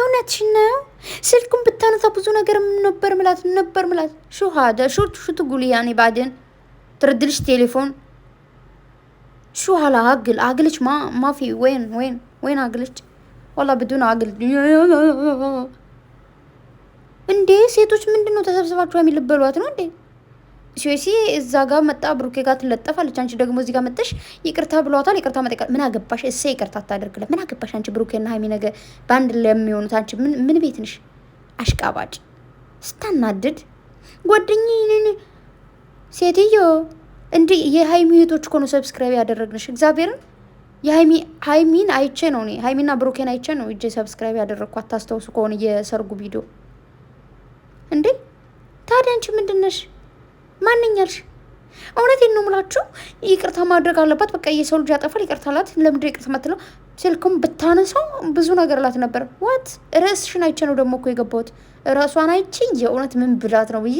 እውነትሽን ነው። ስልኩን ብታነሳ ብዙ ነገር ነበር ምላት ነበር ምላት ሹሃደ ሹርት ሹት ጉል ያኔ ባድን ትርድልሽ ቴሌፎን ሹ ኋላ አግል አግልች ما ما ወይን ወይን وين وين عقلك والله بدون እንዴ ሴቶች ምንድን ነው ተሰብስባችሁ የሚልበሏት ነው እንዴ ሲሲ እዛ ጋር መጣ ብሩኬ ጋር ትለጠፋለች። አንቺ ደግሞ እዚህ ጋር መጥተሽ ይቅርታ ብሏታል። ይቅርታ መጠቀ ምን አገባሽ? እሰ ይቅርታ አታደርግለ ምን አገባሽ? አንቺ ብሩኬና ሀይሚ ነገ በአንድ ላይ የሚሆኑት አንቺ ምን ምን ቤት ነሽ? አሽቃባጭ ስታናድድ ጓደኝንን ሴትዮ እንዲ የሀይሚ እህቶች እኮ ሰብስክራይብ ያደረግንሽ። እግዚአብሔርን የሀይሚ ሀይሚን አይቼ ነው እኔ ሀይሚና ብሩኬን አይቼ ነው እጄ ሰብስክራይብ ያደረግኩ። አታስታውሱ ከሆነ የሰርጉ ቪዲዮ እንዴ ታዲያ አንቺ ምንድን ማንኛ ልሽ እውነቴን ነው የምላችሁ። ይቅርታ ማድረግ አለባት። በቃ የሰው ልጅ ያጠፋል። ይቅርታ ላት ለምድ ይቅርታ ማትለው ስልኩም ብታነሳው ብዙ ነገር ላት ነበር። ዋት ርዕስሽን አይቼ ነው ደግሞ እኮ የገባሁት። ራሷን አይቼ የእውነት ምን ብላት ነው ብዬ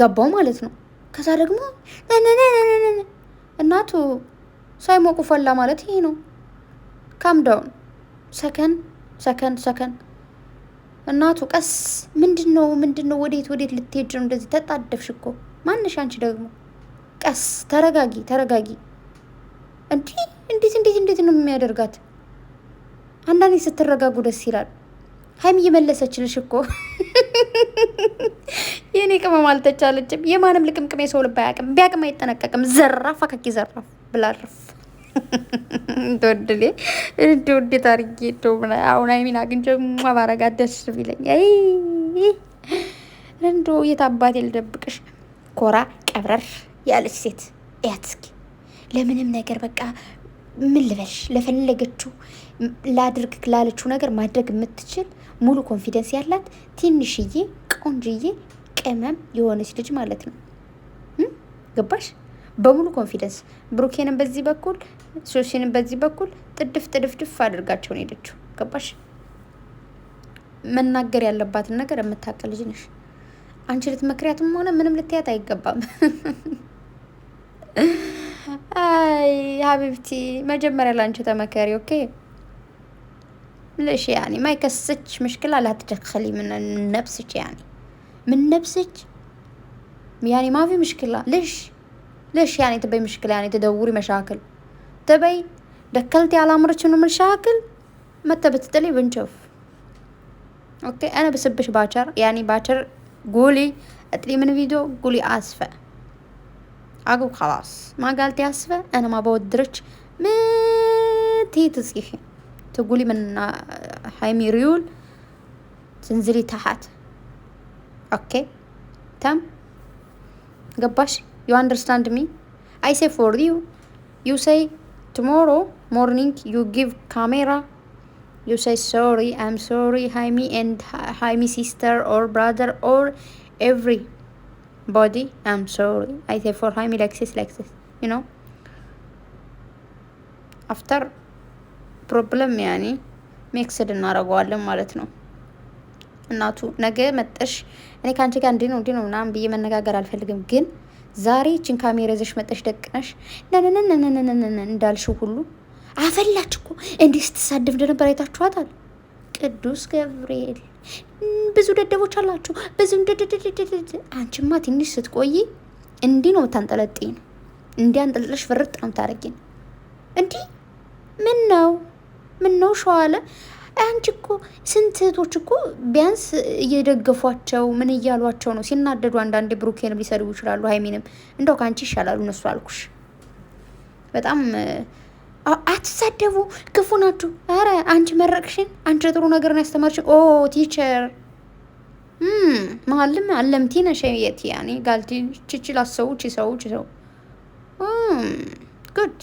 ገባው ማለት ነው። ከዛ ደግሞ እናቱ ሳይሞቁ ፈላ ማለት ይሄ ነው። ካም ዳውን ሰከን ሰከን ሰከን እናቱ ቀስ ምንድን ነው ምንድን ነው? ወዴት ወዴት ልትሄጅ ነው? እንደዚህ ተጣደፍሽ እኮ ማንሽ? አንቺ ደግሞ ቀስ ተረጋጊ፣ ተረጋጊ። እንዲ እንዴት እንዴት እንዴት ነው የሚያደርጋት? አንዳንዴ ስትረጋጉ ደስ ይላል። ሀይሚ እየመለሰችልሽ እኮ የእኔ ቅመም አልተቻለችም። የማንም ልቅምቅሜ ሰው ልብ አያውቅም፣ ቢያውቅም አይጠነቀቅም። ዘራፍ አካኪ ዘራፍ ብላርፍ እንደወድሌ እንደወዴት አድርጌ እንደው አሁን አይሚን አግኝቼ ማባረጋት ደስ ቢለኝ እንደው የት አባቴ ልደብቅሽ ኮራ ቀብረር ያለች ሴት ያትስኪ ለምንም ነገር በቃ ምን ልበልሽ፣ ለፈለገችው ላድርግ ላለችው ነገር ማድረግ የምትችል ሙሉ ኮንፊደንስ ያላት ትንሽዬ ቆንጅዬ ቅመም የሆነች ልጅ ማለት ነው። ገባሽ? በሙሉ ኮንፊደንስ ብሩኬንም በዚህ በኩል ሶሲን በዚህ በኩል ጥድፍ ጥድፍ ድፍ አድርጋቸውን ሄደችው። ገባሽ? መናገር ያለባትን ነገር የምታውቅ ልጅ ነሽ አንቺ። ልትመክሪያትም ሆነ ምንም ልትያት አይገባም። አይ ሀቢብቲ መጀመሪያ ላንቺ ተመከሪ። ኦኬ ልሽ يعني ማይከስች يكسج مشكلة لا تدخلي من نفسك يعني من نفسك يعني ما في مشكلة ليش ليش يعني تبي مشكلة دبي دكلتي على عمرك شنو مشاكل ما بتدلي بنشوف اوكي انا بسبش باكر يعني باكر قولي اتلي من فيديو قولي اسفه عقب خلاص ما قالتي اسفه انا ما بودرك متي تصيحي تقولي من حيمي ريول تنزلي تحت اوكي تم قباش you understand me I say for you you say ቱሞሮ ሞርኒንግ ዩ ጊቭ ካሜራ ዩ ሳይ ሶሪ አም ሶሪ ሃይሚ ኤንድ ሃይሚ ሲስተር ኦር ብራደር ኦር ኤቭሪ ቦዲ አም ሶሪ አይ ሴ ፎር ሃይሚ ላክሲስ ላክሲስ ዩ ኖ አፍተር ፕሮብለም ያኔ ሜክስድ እናደርገዋለን ማለት ነው። እናቱ ነገ መጠሽ እኔ ከአንቺ ጋር እንዲህ ነው እንዲህ ነው ምናምን ብዬ መነጋገር አልፈልግም ግን ዛሬ ይችን ካሜራ ይዘሽ መጠሽ ደቅነሽ ነነነነነነነ እንዳልሽው ሁሉ አፈላች እኮ እንዲህ ስትሳድብ እንደነበር አይታችኋታል። ቅዱስ ገብርኤል ብዙ ደደቦች አላችሁ፣ ብዙ አንቺማ ትንሽ ስትቆይ እንዲህ ነው ነው እንዲህ አንጠልጥለሽ ፍርጥ ነው ነው እንዲህ ምን ነው ምን ነው ሸዋለ አንቺ እኮ ስንት እህቶች እኮ ቢያንስ እየደገፏቸው ምን እያሏቸው ነው ሲናደዱ፣ አንዳንዴ ብሩኬንም ሊሰድቡ ይችላሉ፣ ሀይሚንም እንደው ከአንቺ ይሻላሉ እነሱ አልኩሽ። በጣም አትሳደቡ፣ ክፉ ናችሁ። አረ አንቺ መረቅሽን፣ አንቺ ጥሩ ነገር ነው ያስተማርሽን። ኦ ቲቸር መሀልም አለምቲ ነሸየት ያኔ ጋልቲ ችችል አሰውች ሰውች ሰው ጉድ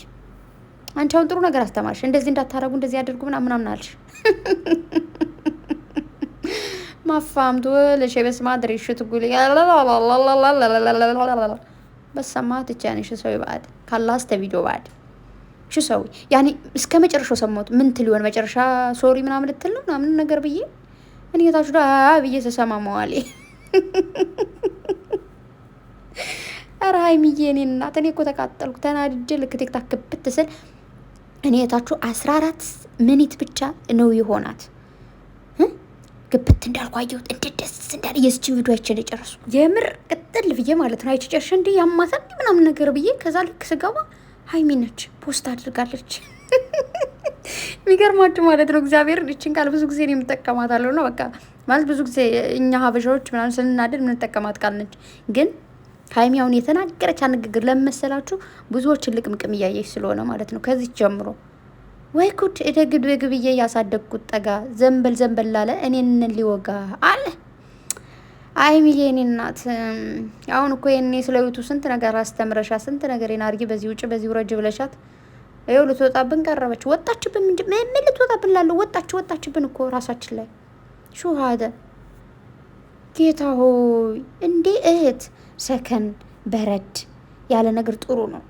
አንቺ አሁን ጥሩ ነገር አስተማርሽ። እንደዚህ እንዳታረጉ እንደዚህ ያደርጉ ምናምን ምናምን አልሽ። ማፋምቱ ለሸ በስማ ድርሽ ትጉል በሰማ ትቻን ሽ ሰው ይባድ ካላስ ተቪዲዮ ባድ ሽ ሰው ያኔ እስከ መጨረሻው ሰማሁት። ምን ትል ይሆን መጨረሻ ሶሪ ምናምን ልትል ነው ምናምን ነገር ብዬ እኔ ታችሁ ዳ ብዬ ተሰማ መዋሌ ኧረ ሀይሚዬ እኔ እናት እኔ እኮ ተቃጠልኩ ተናድጄ ልክ ቴክታክ ብትስል እኔ የታችሁ አስራ አራት ምኒት ብቻ ነው ይሆናት ግብት እንዳልኩ አየሁት እንደ ደስ እንዳለ የስቺ ቪዲዮ አይቼ ነው የጨረስኩ። የምር ቅጥል ብዬ ማለት ነው አይቼ ጨርሼ እንደ ያማታል ምናምን ነገር ብዬ ከዛ ልክ ስገባ ሀይሚ ነች ፖስት አድርጋለች። የሚገርማችሁ ማለት ነው እግዚአብሔር ይችን ቃል ብዙ ጊዜ የምጠቀማት አለው ነው በቃ ማለት ብዙ ጊዜ እኛ ሀበሻዎች ምናምን ስንናደድ የምንጠቀማት ቃል ነች ግን ሀይሚ አሁን የተናገረች ንግግር ለመሰላችሁ ብዙዎችን ልቅምቅም እያየች ስለሆነ ማለት ነው። ከዚህ ጀምሮ ወይ ኩድ እደግድ ግብዬ ያሳደግኩት ጠጋ ዘንበል ዘንበል ላለ እኔን ሊወጋ አለ ሀይሚዬ የኔ እናት አሁን እኮ የኔ ስለ ዩቱ ስንት ነገር አስተምረሻ ስንት ነገር ና አርጊ በዚህ ውጭ፣ በዚህ ውረጅ ብለሻት ይኸው ልትወጣብን ቀረበች። ወጣችብን እንጂ ምን ልትወጣብን ላለ ወጣች ወጣችብን እኮ ራሳችን ላይ ሹሃደ ጌታ ሆይ እንዴ እህት ሰከን በረድ ያለ ነገር ጥሩ ነው።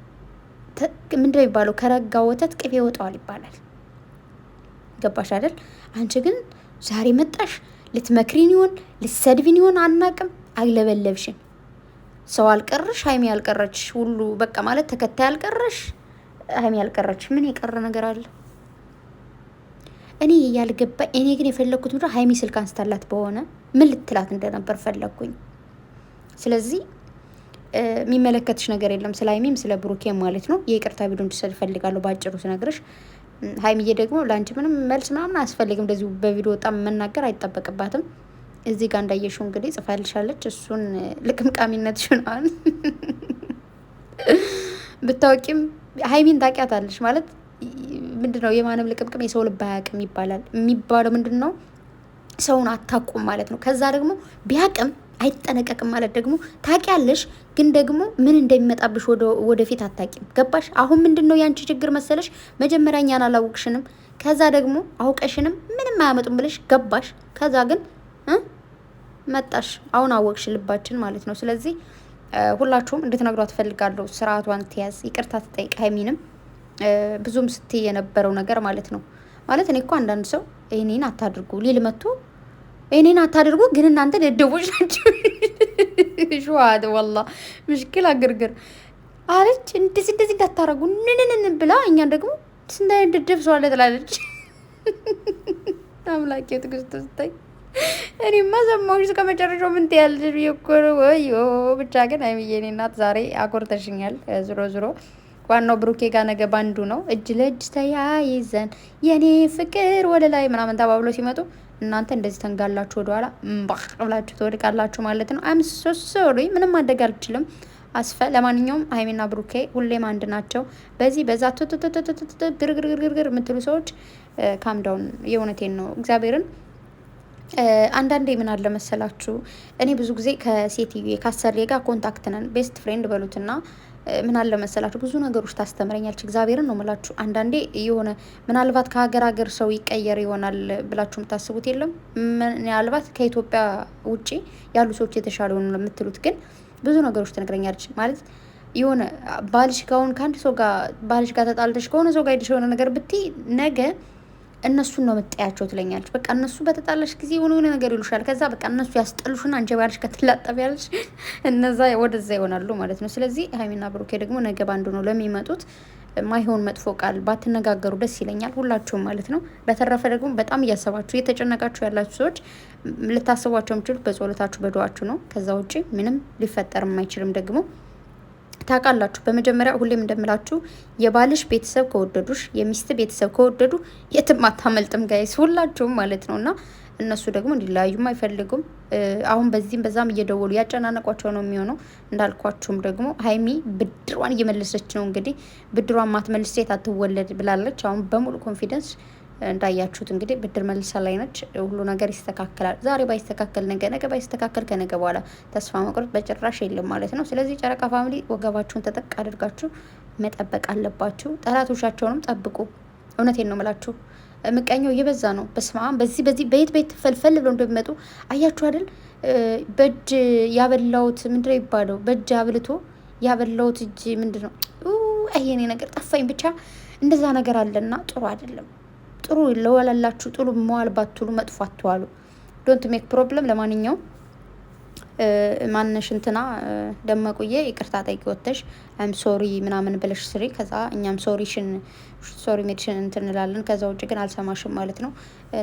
ምንድነው የሚባለው? ከረጋ ወተት ቅቤ ይወጣዋል ይባላል። ገባሽ አይደል? አንቺ ግን ዛሬ መጣሽ። ልትመክሪን ይሆን ልትሰድቢን ይሆን አናቅም። አግለበለብሽን። ሰው አልቀረሽ፣ ሀይሚ ያልቀረች ሁሉ በቃ ማለት ተከታይ አልቀረሽ፣ ሀይሚ ያልቀረች ምን የቀረ ነገር አለ? እኔ ያልገባ እኔ ግን የፈለግኩት ምድ ሀይሚ ስልክ አንስታላት በሆነ ምን ልትላት እንደነበር ፈለግኩኝ። ስለዚህ የሚመለከትሽ ነገር የለም ስለ ሀይሚም ስለ ብሩኬም ማለት ነው። የይቅርታ ቪዲዮ እንድሰጥ እፈልጋለሁ በአጭሩ ስነግርሽ። ሀይሚዬ ደግሞ ለአንቺ ምንም መልስ ምናምን አያስፈልግም። እንደዚሁ በቪዲዮ በጣም መናገር አይጠበቅባትም። እዚህ ጋር እንዳየሽው እንግዲህ ጽፋልሻለች። እሱን ልቅምቃሚነት ሽነዋል ብታወቂም ሀይሚን ታውቂያታለሽ ማለት ምንድን ነው የማንም ልቅምቅም የሰው ልብ አያውቅም ይባላል። የሚባለው ምንድን ነው ሰውን አታውቁም ማለት ነው። ከዛ ደግሞ ቢያውቅም አይጠነቀቅም ማለት ደግሞ ታውቂያለሽ፣ ግን ደግሞ ምን እንደሚመጣብሽ ወደፊት አታቂም። ገባሽ? አሁን ምንድን ነው ያንቺ ችግር መሰለሽ፣ መጀመሪያ እኛን አላወቅሽንም፣ ከዛ ደግሞ አውቀሽንም ምንም አያመጡም ብለሽ ገባሽ። ከዛ ግን መጣሽ፣ አሁን አወቅሽ ልባችን ማለት ነው። ስለዚህ ሁላችሁም እንድትነግሯት እፈልጋለሁ። ስርዓቷን ትያዝ፣ ይቅርታ ትጠይቅ። ሀይሚንም ብዙም ስትይ የነበረው ነገር ማለት ነው ማለት እኔ እኮ አንዳንድ ሰው ይህንን አታድርጉ ሊል መጥቶ እኔን አታደርጉ ግን እናንተ ደደቦች ናቸው። ሸዋት ወላ ምሽክል አግርግር አለች። እንደዚህ እንደዚህ እንዳታረጉ ንንንን ብላ እኛን ደግሞ ስንት አይነት ደደብ ሰው አለ ትላለች። አምላኬ ትግስት ስታይ እኔማ ሰማሁሽ እስከ መጨረሻው ምን ትያለሽ ብዬሽ እኮ ነው። ወዮ ብቻ ግን አይምዬ እኔ እናት ዛሬ አኮርተሽኛል። ዝሮ ዝሮ ዋናው ብሩኬ ጋር ነገ ባንዱ ነው እጅ ለእጅ ተያይዘን የኔ ፍቅር ወደ ላይ ምናምን ተባብሎ ሲመጡ እናንተ እንደዚህ ተንጋላችሁ ወደኋላ ባቅ ብላችሁ ትወድቃላችሁ ማለት ነው። አይም ሶሶሪ ምንም ማድረግ አልችልም። አስፈ ለማንኛውም ሀይሜና ብሩኬ ሁሌም አንድ ናቸው። በዚህ በዛ ግርግርግርግር የምትሉ ሰዎች ካምዳውን የእውነቴን ነው እግዚአብሔርን አንዳንዴ ምን አለ መሰላችሁ፣ እኔ ብዙ ጊዜ ከሴትዮ ካሰሬ ጋር ኮንታክት ነን፣ ቤስት ፍሬንድ በሉትና ምን አለ መሰላችሁ ብዙ ነገሮች ታስተምረኛለች። እግዚአብሔርን ነው ምላችሁ። አንዳንዴ የሆነ ምናልባት ከሀገር ሀገር ሰው ይቀየር ይሆናል ብላችሁ የምታስቡት የለም። ምናልባት ከኢትዮጵያ ውጪ ያሉ ሰዎች የተሻለ ሆኑ የምትሉት ግን ብዙ ነገሮች ትነግረኛለች ማለት የሆነ ባልሽ ጋር ከአንድ ሰው ጋር ባልሽ ጋር ተጣልተሽ ከሆነ ሰው ጋር ሄደሽ የሆነ ነገር ብትይ ነገ እነሱን ነው መጠያቸው ትለኛለች። በቃ እነሱ በተጣላሽ ጊዜ የሆነ የሆነ ነገር ይሉሻል። ከዛ በቃ እነሱ ያስጠሉሽና አንጀባልሽ ከትላጠፍ ያለሽ እነዛ ወደዛ ይሆናሉ ማለት ነው። ስለዚህ ሀይሚና ብሩኬ ደግሞ ነገ ባንዱ ነው ለሚመጡት ማይሆን መጥፎ ቃል ባትነጋገሩ ደስ ይለኛል፣ ሁላችሁም ማለት ነው። በተረፈ ደግሞ በጣም እያሰባችሁ እየተጨነቃችሁ ያላችሁ ሰዎች ልታስቧቸው የምችሉት በጸሎታችሁ በዱዋችሁ ነው። ከዛ ውጭ ምንም ሊፈጠር አይችልም ደግሞ ታውቃላችሁ፣ በመጀመሪያ ሁሌም እንደምላችሁ የባልሽ ቤተሰብ ከወደዱሽ፣ የሚስት ቤተሰብ ከወደዱ የትም አታመልጥም ጋይስ፣ ሁላችሁም ማለት ነው እና እነሱ ደግሞ እንዲለያዩም አይፈልጉም። አሁን በዚህም በዛም እየደወሉ ያጨናነቋቸው ነው የሚሆነው። እንዳልኳችሁም ደግሞ ሀይሚ ብድሯን እየመለሰች ነው። እንግዲህ ብድሯን ማትመልስ ሴት አትወለድ ብላለች። አሁን በሙሉ ኮንፊደንስ እንዳያችሁት እንግዲህ ብድር መልሳ ላይ ነች። ሁሉ ነገር ይስተካከላል። ዛሬ ባይስተካከል ነገ፣ ነገ ባይስተካከል ከነገ በኋላ ተስፋ መቁረጥ በጭራሽ የለም ማለት ነው። ስለዚህ ጨረቃ ፋሚሊ ወገባችሁን ተጠቅ አድርጋችሁ መጠበቅ አለባችሁ። ጠላቶቻቸውንም ጠብቁ። እውነቴን ነው ምላችሁ ምቀኛው እየበዛ ነው። በስማም በዚህ በዚህ በየት በየት ፈልፈል ብሎ እንደሚመጡ አያችሁ አይደል? በእጅ ያበላውት ምንድነው ይባለው? በእጅ አብልቶ ያበላውት እጅ ምንድን ነው ይሄኔ ነገር ጠፋኝ። ብቻ እንደዛ ነገር አለና ጥሩ አይደለም። ጥሩ ለወላላችሁ ጥሩ መዋል ባትሉ መጥፎ አትዋሉ። ዶንት ሜክ ፕሮብለም። ለማንኛውም ማነሽ እንትና ደመቁዬ ይቅርታ ጠይቂ ወተሽ አይም ሶሪ ምናምን ብለሽ ስሪ። ከዛ እኛም ሶሪሽን ሶሪ ሜድሽን እንትን እንላለን። ከዛ ውጭ ግን አልሰማሽም ማለት ነው።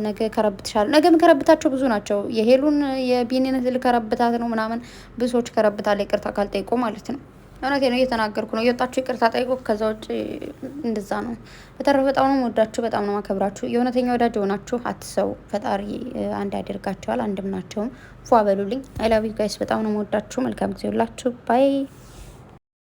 ነገ ከረብትሻለሁ። ነገ የምከረብታቸው ብዙ ናቸው። የሄሉን የቢኒነት ልከረብታት ነው ምናምን ብዙ ሰዎች ከረብታለ ይቅርታ ካልጠይቆ ማለት ነው። እውነቴ ነው እየተናገርኩ ነው። እየወጣችሁ ይቅርታ ጠይቁ። ከዛ ውጭ እንደዛ ነው። በተረፈ በጣም ነው ወዳችሁ፣ በጣም ነው ማከብራችሁ። የእውነተኛ ወዳጅ የሆናችሁ አትሰው ፈጣሪ አንድ ያደርጋቸዋል። አንድም ናቸውም። ፏ በሉልኝ። አይላቪ ጋይስ በጣም ነው መወዳችሁ። መልካም ጊዜ ሁላችሁ ባይ